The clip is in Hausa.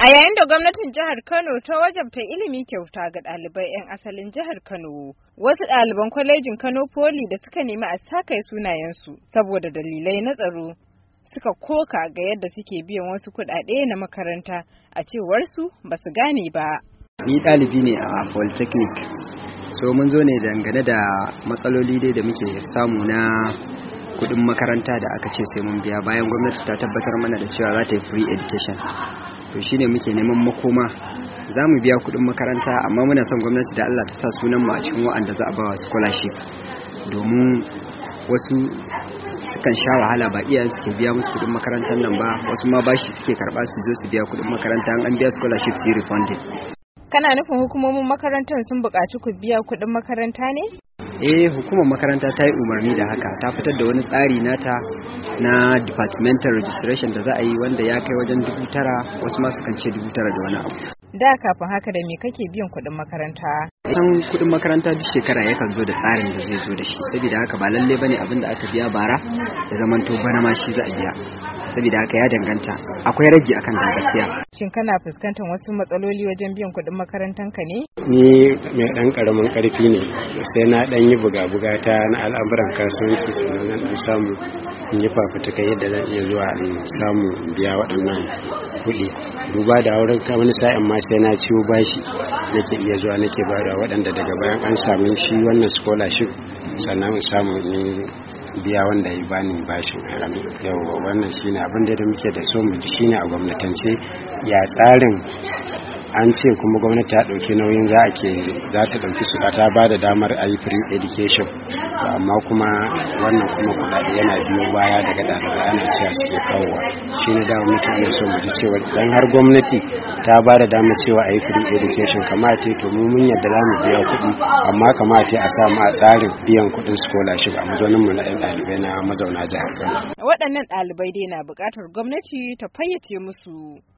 A yayin da gwamnatin jihar Kano ta wajabta ilimi kyauta ga ɗalibai 'yan asalin jihar Kano, wasu ɗaliban kwalejin Kano Poli da suka nemi a sakai sunayensu saboda dalilai na tsaro suka koka ga yadda suke biyan wasu kuɗaɗe na makaranta a cewar su ba su gane ba. Ni ɗalibi ne a Polytechnic, so mun zo ne dangane da matsaloli dai da muke samu na kuɗin makaranta da aka ce sai mun biya bayan gwamnati ta tabbatar mana da cewa za ta yi free education. to shine muke neman makoma za mu biya kuɗin makaranta amma muna son gwamnati da Allah ta sa sunan mu a cikin wa'anda za a ba scholarship domin wasu sukan sha wahala ba iyaye suke biya musu kuɗin makarantar nan ba wasu ma bashi suke karɓa su zo su biya kuɗin makaranta an biya scholarship su refunded kana nufin hukumomin makarantar sun buƙaci ku biya kuɗin makaranta ne eh hukumar makaranta ta yi umarni da haka ta fitar da wani tsari nata na departmental registration da za a yi wanda ya kai wajen dubu tara wasu masu kan ce dubu tara da wani abu da kafin haka da me kake biyan kuɗin makaranta san kuɗin makaranta duk shekara yakan zo da tsarin da zai zo da shi saboda haka ba lalle bane abin da aka biya bara ya zamanto bana ma shi za a biya saboda haka ya danganta akwai ragi akan ta gaskiya shin kana fuskantar wasu matsaloli wajen biyan kuɗin makarantar ka ne ni mai dan karamin karfi ne sai na dan yi buga-buga ta na al'amuran kasuwanci sannan na dan samu in yi fafutuka yadda zan iya zuwa in samu biya waɗannan kuɗi duba da auren wani sa'in ma sai na ciwo bashi nake iya zuwa nake bada waɗanda daga bayan an samu shi wannan scholarship sannan samu ni biya wanda ya bani bashin haram yau wannan shine abin da muke da so mu ji shine a gwamnatance ya tsarin an ce kuma gwamnati ta ɗauki nauyin za a ke za ta dauki su ta ba da damar a yi free education amma kuma wannan kuma kuɗaɗe yana biyo baya daga ɗalibai ana cewa suke kawowa shi ne damar mutum iya so mu ji cewa dan har gwamnati ta ba da damar cewa a yi free education kama ce to mu mun yadda za mu biya kuɗi amma kama a sa mu a tsarin biyan kuɗin scholarship a mazaunin mu na ɗan ɗalibai na mazauna jihar Kano. Waɗannan ɗalibai dai na buƙatar gwamnati ta fayyace musu